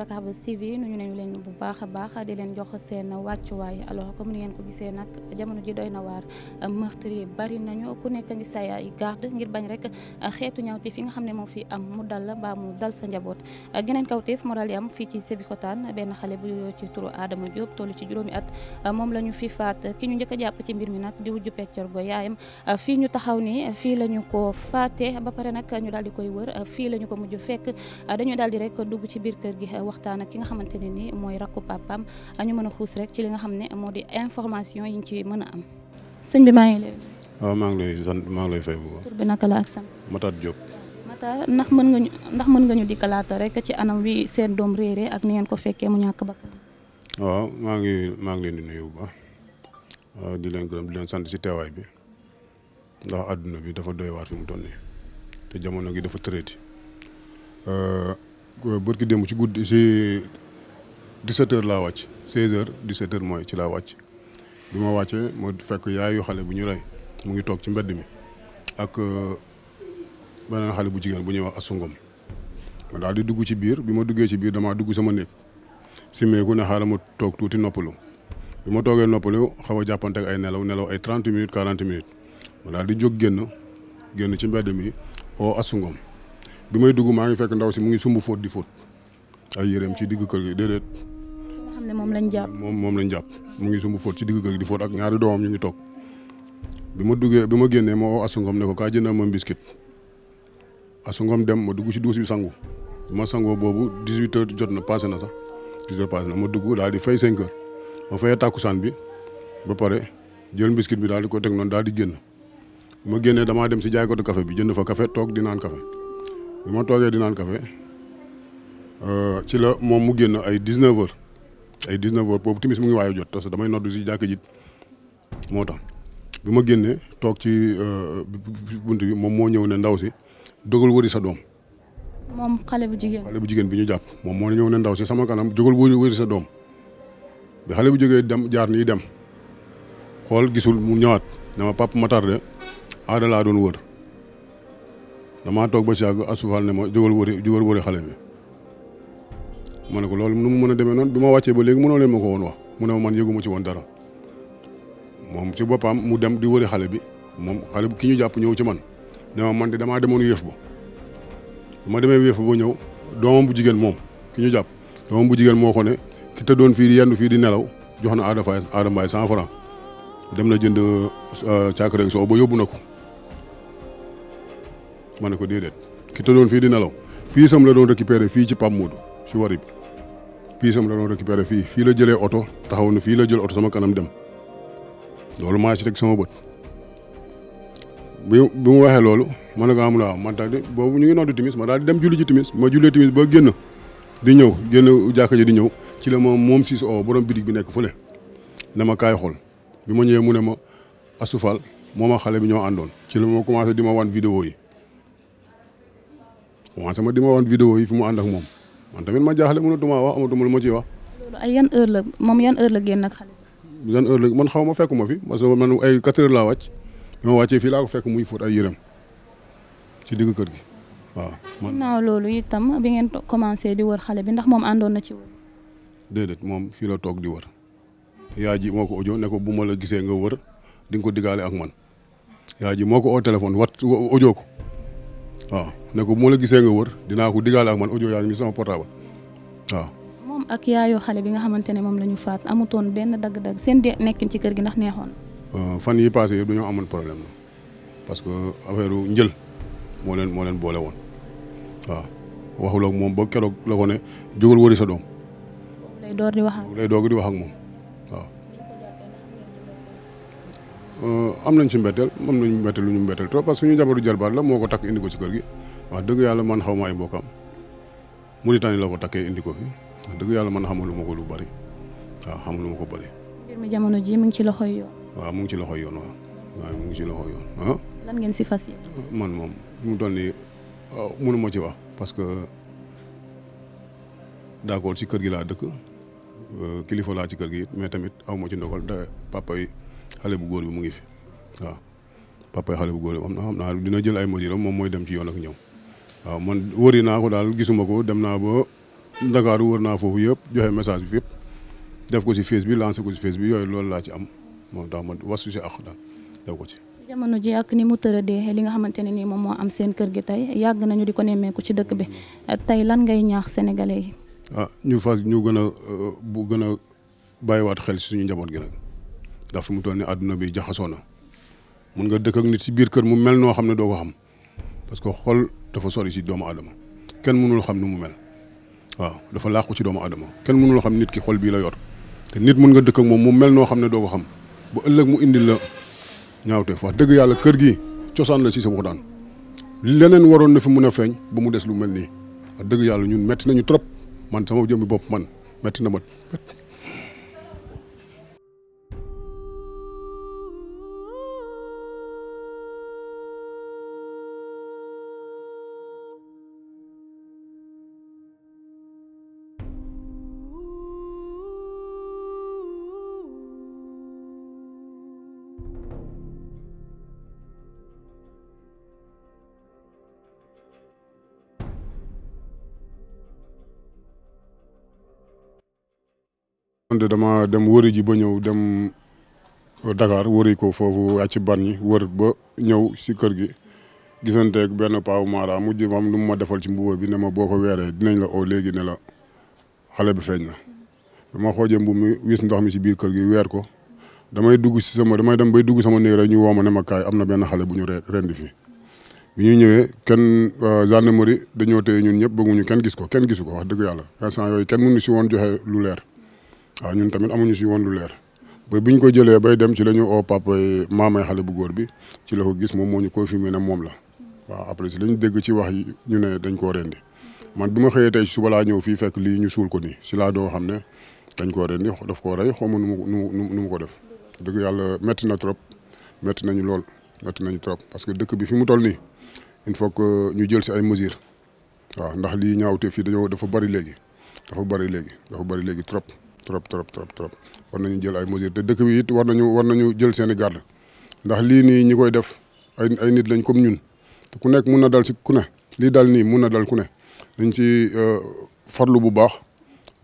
Dakar Sivi nuyu nañu leen bu baax a baax di leen jox seen wàccuwaay alors comme ni ngeen ko gisee a jamono ji doy na waar meurtre yi bari nañu ku nekk ngi say ay garde ngir bañ rek xeetu ñawteef yi nga xam ne moo fi am mu dal mbaa mu dal sa njaboot geneen kawteef moo dal yi am fii ci Sébikotane benn xale bu yoo ci turu Adama Diop ci juróomi at moom la ñu fi faat ki ñu njëkk jàpp ci mbir mi nag di wujju peccor go yaayam fii ñu taxaw ni fii la ñu ko faate ba pare nag ñu daal di koy wër fii la ñu ko mujj fekk dañu daal di rek dugg ci biir kër gi waxtaan ak ki nga xamante ne ni mooy rakku papaam ñu mën a xuus rek ci li nga xam ne moo di information yi ñu ci mën a am sëñ bi maa ngi lay. waaw maa ngi lay sant maa ngi lay fay bu baax. la ak sant. Matar Diop. Matar ndax mën nga ñu ndax mën nga ñu dikkalaata rek ci anam wi seen doom réeré ak ni ngeen ko fekkee mu ñàkk bakkan. waaw maa ngi maa ngi leen di nuyu ba di leen gërëm di leen sant ci teewaay bi ndax àdduna bi dafa doy waar fi mu toll nii te jamono gi dafa tërëti. Euh, ki démb ci guddi si 17h laa wàcc 16h 17h mooy ci laa wàcc bi ma wàccee ma fekk yaayu xale bu ñu rey mu ngi toog ci mbedd mi ak euh, beneen xale bu jigéen bu ñuy wax asungom ma daal di dugg ci biir bi ma duggee ci biir damaa dugg sama néeg ku ne xaaral ma toog tuuti noppalu bi ma toogee noppalu xaw a jàppante ay nelaw nelaw ay trent minutes 40 minutes ma daal di jog génn génn ci mbedd mi oo asungom bi may dugg maa ngi fekk ndaw si mu ngi sumb fóot di fóot ay yéreem ci digg kër gi déedéet. nga xam ne moom lañ jàpp moom moom lañ jàpp mu ngi sumb fóot ci digg kër gi di fóot ak ñaari doom ñu ngi toog bi ma duggee bi ma génnee moo woo ne ko kaa jëndal ma biscuit Assou dem ma dugg ci duus bi sangu ma sangoo boobu 18 heures jot na passé na sax 18 na ma dugg daal di fay 5 heures ma fayee tàkkusaan bi ba pare jël biscuit bi daal di ko teg noonu daal di génn ma génnee damaa dem si jaaykatu café bi jënd fa café toog di naan café bi ma toogee di naan café euh, ci la moom mu génn ay 19 heures ay 19 heures timis mu ngi waaye jot parce damay noddu si jàkk ji moo tax bi ma génnee toog ci euh, bunt bi moom moo ñëw ne ndaw si dogal wëri sa doom. moom xale bu jigéen xale bu jigéen bi ñu jàpp moom moo ñëw ne ndaw si sama kanam jógal wëri wëri sa doom xale bu jógee dem jaar nii dem xool gisul mu ñëwaat ne ma papa ma tardé aada laa doon wër. damaa toog ba si àgg asufaal ne ma jógal wëri jógal wëri xale bi ma ne ko loolu nu mu mën a demee noonu bi ma wàccee ba léegi mënoo leen ma ko woon wax mu ne ma man yëguma ci woon dara moom ci boppam mu dem di wëri xale bi moom xale bu ki ñu jàpp ñëw ci man ne ma man di damaa demoon wéef bo bu ma demee wéef ba ñëw doomam bu jigéen moom ki ñu jàpp doomam bu jigéen moo ko ki te doon fii di yendu fii di nelaw jox na aada faay aada mbaay cent franc dem na jënd euh, caakare ba yóbbu na ko ma ne ko déedéet ki fii di nelaw piisam la doon récupéré fii ci Pape Modou si wari bi piisam la doon récupéré fii fii la jëlee oto taxaw na fii la jël oto sama kanam dem loolu maa ci teg sama bët bi mu waxee loolu ma ne ko am waaw man daal di boobu ñu ngi noddu timis ma daal di dem julli ci timis ma jullee timis ba génn di ñëw génn jàkka ji di ñëw ci la ma moom siis o borom bitig bi nekk fële ne ma kaay xool bi ma ñëwee mu ne ma asufal moom a xale bi ñoo àndoon ci la ma commencé di ma wan vidéo yi commencé ma di ma wan vidéo yi fi mu ànd ak moom man tamit ma jaaxle mënatuma wax amatuma lu ma ciy wax. loolu ay yan heure la moom yan heure la génn ak xale. yan man xaw ma fekku ma fi parce que man ay 4 laa wàcc bi ma wàccee fii laa ko fekk muy fóot ay yërëm ci digg kër gi waaw. man ginnaaw loolu itam bi ngeen commencé di wër xale bi ndax moom àndoon na ci wër. déedéet moom fii la toog di wër yaa ji moo ko audio ne ko bu ma la gisee nga wër di ko diggaale ak man yaa ji moo ko oo téléphone wat audio ko waaw ne ko moo la gisee nga wër dinaa ko digaale ak man audio yaa ngi sama portable waaw. moom ak yaayu xale bi nga xamante ne moom la ñu faat amutoon benn dagg-dagg seen de nekkin ci kër gi ndax neexoon. Euh, fan yi passé yëpp dañoo amoon problème parce que affaire njël moo leen moo leen boole woon waaw waxulook moom ba keroog la ko ne jógal wëri sa doom. lay door di wax ak lay doog di wax ak moom. Euh, am nañ ci mbetteel moom nañ mbetteel lu ñu mbetteel trop parce que suñu jabaru jarbaat la moo ko takk indi ko ci kër gi wax dëgg yàlla man xaw ma ay mbokkam Mauritanie la ko takkee indi ko dëgg yàlla man xamalu ma ko lu bari waaw xamalu ma ko bari. mbir mi jamono ji mu ngi ci loxoy yoon. waaw mu ngi ci loxoy yoon waaw mu ngi ci loxoy yoon ah. lan ngeen si ah, man moom mu toll nii ah, mënu ci wax parce que d'accord ci kër gi laa dëkk euh, kilifa laa ci kër gi mais tamit aw ma ci ndogal da yi. xale bu góor bi mu ngi fi waaw papa xale bu góor bi am na xam naa dina jël ay mesures moom mooy dem ci yoon ak ñoom waaw man wëri naa ko daal gisuma ko dem naa ba Ndakaaru wër naa foofu yëpp joxe message bi fépp def ko ci face bi lancé ko ci face bi yooyu loolu laa ci am moom tax ma wasu si ak daal def ko ci. jamono ji ak ni mu tëradee li nga xamante ne nii moom moo am seen kër gi tey yàgg nañu di ko nemmeeku ci dëkk bi tey lan ngay ñaax sénégalais yi. ah ñu fas ñu gën a euh, bu gën a bàyyiwaat xel suñu njaboot gi nag. ndax fi mu toll ni àdduna bi jaxasoo na mun nga dëkk nit si biir kër mu mel noo xam ne doo ko xam parce que xol dafa sori si doomu aadama kenn mënul xam ne mu mel waaw dafa làqu ci doomu aadama kenn mënul xam nit ki xol bii la yor te nit mun nga dëkk moom mu mel noo xam ne doo ko xam ba ëllëg mu indil la ñaawteef wax dëgg yàlla kër gi cosaan la si sa waxtaan leneen waroon na fi mun a feeñ ba mu des lu mel nii wax dëgg yàlla ñun metti nañu trop man sama jëmmi bopp man metti na ma man de dem wëri ji ba ñëw dem Dakar wëri ko foofu àcc ban ñi wër ba ñëw si kër gi gisanteeg benn paawu maara mujj am lu mu ma defal ci mbuba bi ne ma boo ko weeree dinañ la léegi ne xale bi feeñ na ba ma xoojee mbubb mi wis ndox mi si biir kër gi weer ko damay dugg si sama damay dem bay dugg sama néeg rek ñu woo ma ne ma kaay am na benn xale bu ñu rendi fi bi ñu ñëwee kenn euh, gendarmerie dañoo téye ñun ñëpp bëgguñu kenn gis ko kenn gisu ko wax dëgg yàlla instant yooyu kenn mënu si woon joxe lu leer waa ñun tamit amuñu si woon lu leer ba biñ ko jëlee bay dem ci lañu ñu oo papa maamay xale bu góor bi ci la ko gis moom moo ñu confirmé na moom la waaw après si la dégg ci wax yi ñu ne dañ koo rendi man bi ma xëyee tey suba laa ñëw fii fekk lii ñu suul ko nii si laa doo xam ne dañ koo rendi daf koo rey xaw ma nu mu nu mu ko def dëgg yàlla métti na trop métti nañu lool métti nañu trop parce que dëkk bi fi mu toll nii il faut que ñu jël si ay mesures waaw ndax lii ñaawte fii dañoo dafa bari léegi dafa bari léegi dafa bari léegi trop trop trop trop trop war nañu jël ay mesures dëkk bi it war nañu war nañu jël seen garde ndax lii nii ñi koy def ay nit lañ comme ñun ku nekk mun na dal si ku ne lii dal nii mun na dal ku ne dañ ci euh, farlu bu baax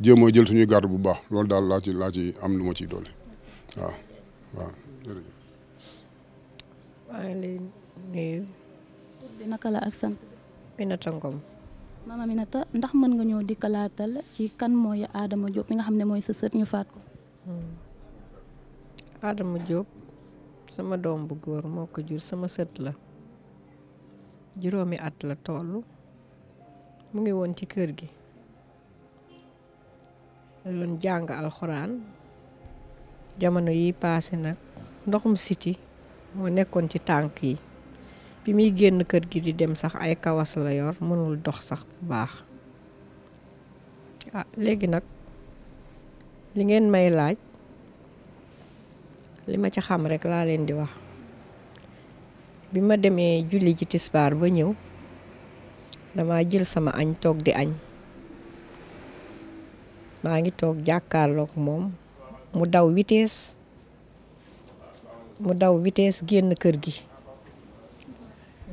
jéem a jël suñuy garde bu baax loolu daal laa ci laa ci am lu ma ciy doole waaw la ak sant. maam Aminata ndax mën nga ñoo dikkalaatal ci kan mooy Adama Diop mi nga xam ne mooy sa sët ñu faat ko. Hmm. Adama jóob sama doom bu góor moo ko jur sama sët la juróomi at la toll mu ngi woon ci kër gi da jàng alxuraan jamono yi paase nag ndoxum siti moo nekkoon ci tànk yi. bi muy génn kër gi di dem sax ay kawas la yor mënul dox sax bu baax ah léegi nag li ngeen may laaj li ma ci xam rekk laa leen di wax bi ma demee julli ji tisbaar ba ñëw damaa jël sama añ toog di añ maa ngi toog jàkkaarloog moom mu daw vitesse mu daw witees génn kër gi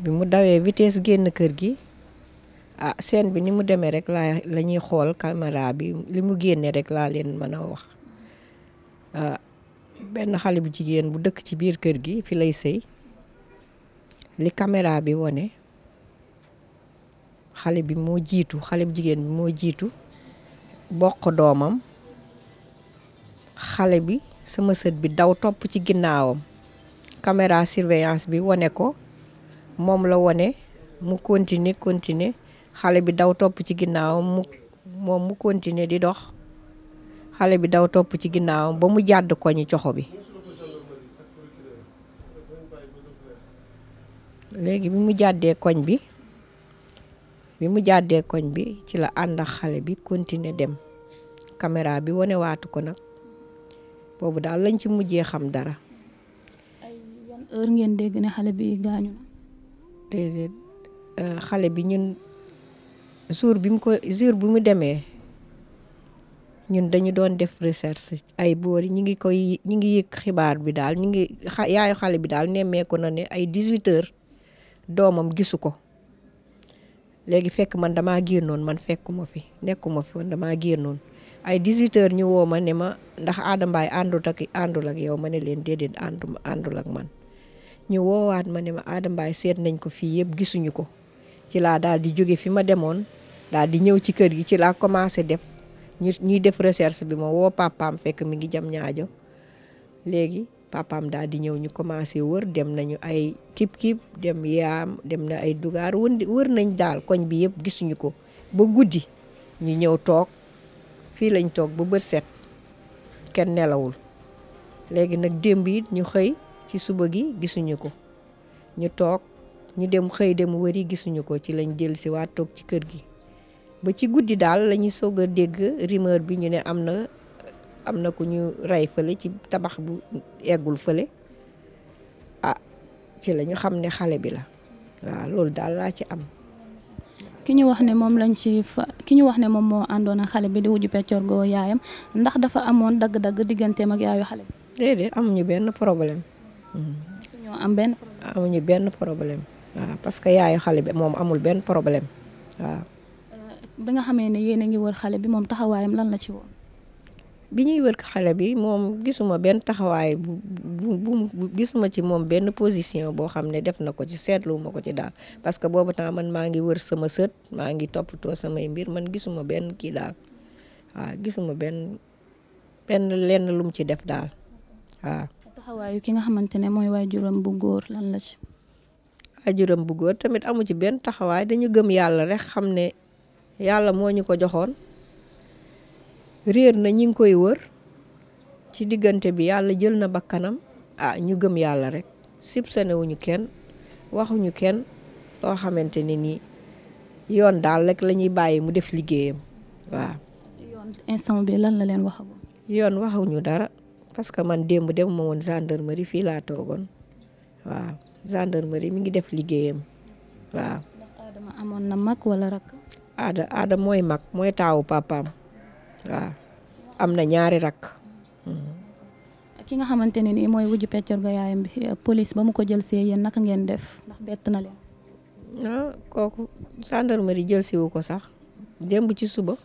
bi mu dawee vitesse génn kër gi ah bi ni mu demee rek laa la xool caméra bi li mu génne rek laa leen mën a wax ah, benn xale bu jigéen bu dëkk ci biir kër gi fi lay séy li caméra bi wone xale bi moo jiitu xale bu jigéen bi moo jiitu boq doomam xale bi sama sët bi daw topp ci ginnaawam caméra surveillance bi wone ko moom la wone mu continuer continuer xale bi daw topp ci ginnaawam mu moom mu continuer di dox xale bi daw topp ci ginnaawam ba mu jàdd ko ñi coxo bi léegi bi mu koñ bi bi mu jàddee koñ bi ci la ànd xale bi continuer dem caméra bi wane waatu ko nag boobu daal lañ ci mujjee xam dara. ay ngeen dégg ne xale bi gaañu Euh, xale bi ñun jour bi mu ko jour bi mu demee ñun dañu doon def recherche ay boori ñi ngi koy ñi ngi yëg xibaar bi daal ñi ngi yaayu xale bi daal nemmeeku na ne ay 18 doomam gisu ko léegi fekk man damaa génnoon man fekkuma fi nekkuma fi man damaa génnoon ay 18 heures ñu woo ma ne ma ndax Adama Mbaye àndut ak àndul ak yow ma ne leen déedéet àndu àndul ak man. ñu woowaat ma ne ma Adama Mbaye seet nañ ko fii yëpp gisuñu ko ci laa daal di jóge fi ma demoon daal di ñëw ci kër gi ci laa commencé def ñu ñuy def reserce bi ma woo papaam fekk mi ngi jam ñaajo léegi papaam daal di ñëw ñu commencé wër dem nañu ay kip kip dem yaam dem na ay dugaar wër nañ daal koñ bi yëpp gisuñu ko ba guddi ñu ñëw toog fii lañ toog ba bët set kenn nelawul léegi nag démb it ñu xëy ci suba gi gisuñu ko ñu toog ñu dem xëy dem wari gisuñu ko ci lañ jël si waat toog ci kër gi ba ci guddi daal la ñu soog a dégg rumeur bi ñu ne am na am na ku ñu rey fële ci tabax bu eggul fële ah ci lañu xam ne xale bi la waaw loolu daal laa ci am. ki ñu wax ne moom lañ ci ki ñu wax ne moom moo àndoon xale bi di wuju peccoor goo yaayam ndax dafa amoon dagg-dagg digganteem ak yaayu xale bi. déedéet amuñu benn problème ñoo am benn problème amuñu benn problème waaw parce que yaayu xale bi moom amul benn problème waaw. Euh, bi nga xamee ne yéen a ngi wër xale bi moom taxawaayam lan la ci woon. bi ñuy wër xale bi moom gisuma benn taxawaay bu gisuma ci moom benn position boo xam ne def na ko ci seetlu ma ko ci daal parce que boobu temps man maa ngi wër sama sët maa ngi toppatoo samay mbir man gisuma benn kii daal waaw gisuma benn benn lenn lum ci def daal taxawaayu ki nga xamante ne mooy waajuram bu góor lan la ci. waajuram bu góor tamit amu ci benn taxawaay dañu gëm yàlla rek xam ne yàlla moo ñu ko joxoon réer na ñi ngi koy wër ci diggante bi yàlla jël na bakkanam ah ñu gëm yàlla rek sibsane kenn waxuñu kenn loo xamante ne nii yoon daal rek la ñuy bàyyi mu def liggéeyam waaw. yoon instant bi lan la leen wax. dara. parce que man démb demuma woon gendarmerie fii laa toogoon waaw gendarmerie mi ngi def liggéeyam waaw. amoon na mag wala rak. Ada Ada mooy mag mooy taawu papaam am na ñaari rak. Mm-hmm. ki nga xamante ne nii mooy wujju peccor ga yaayam bi eh, police ba mu ko jël see yéen naka ngeen def ndax bett na leen. ah kooku gendarmerie jël si wu ko sax ci suba.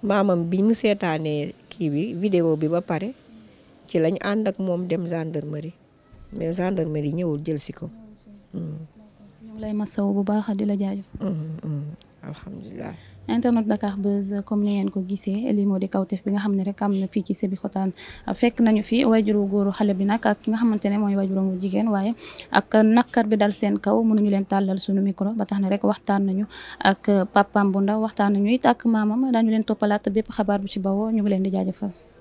maamam bi mu seetaanee kii bi vidéo bi ba pare ci lañ ànd ak moom dem gendarmerie mais gendarmerie ñëwul jël si ko. ñu ngi lay masawu bu baax di la jaajëf. Mm-hmm. Mm-hmm. alhamdulilah. internet Dakar Buzz comme ni ngeen ko gisee lii moo di kawtef bi nga xam ne rek am na fii ci Sébikotane fekk nañu fi wajuru góoru xale bi nag ak ki nga xamante ne mooy wajuru mu jigéen waaye ak nakkar bi dal seen kaw mënuñu leen tàllal sunu micro ba tax na rek waxtaan nañu ak papam bu ndaw waxtaan nañu it ak maamam ñu leen toppalaat bépp xabaar bu ci bawoo ñu leen di jaajëfal